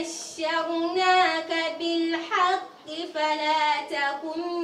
بشرناك بالحق فلا تكن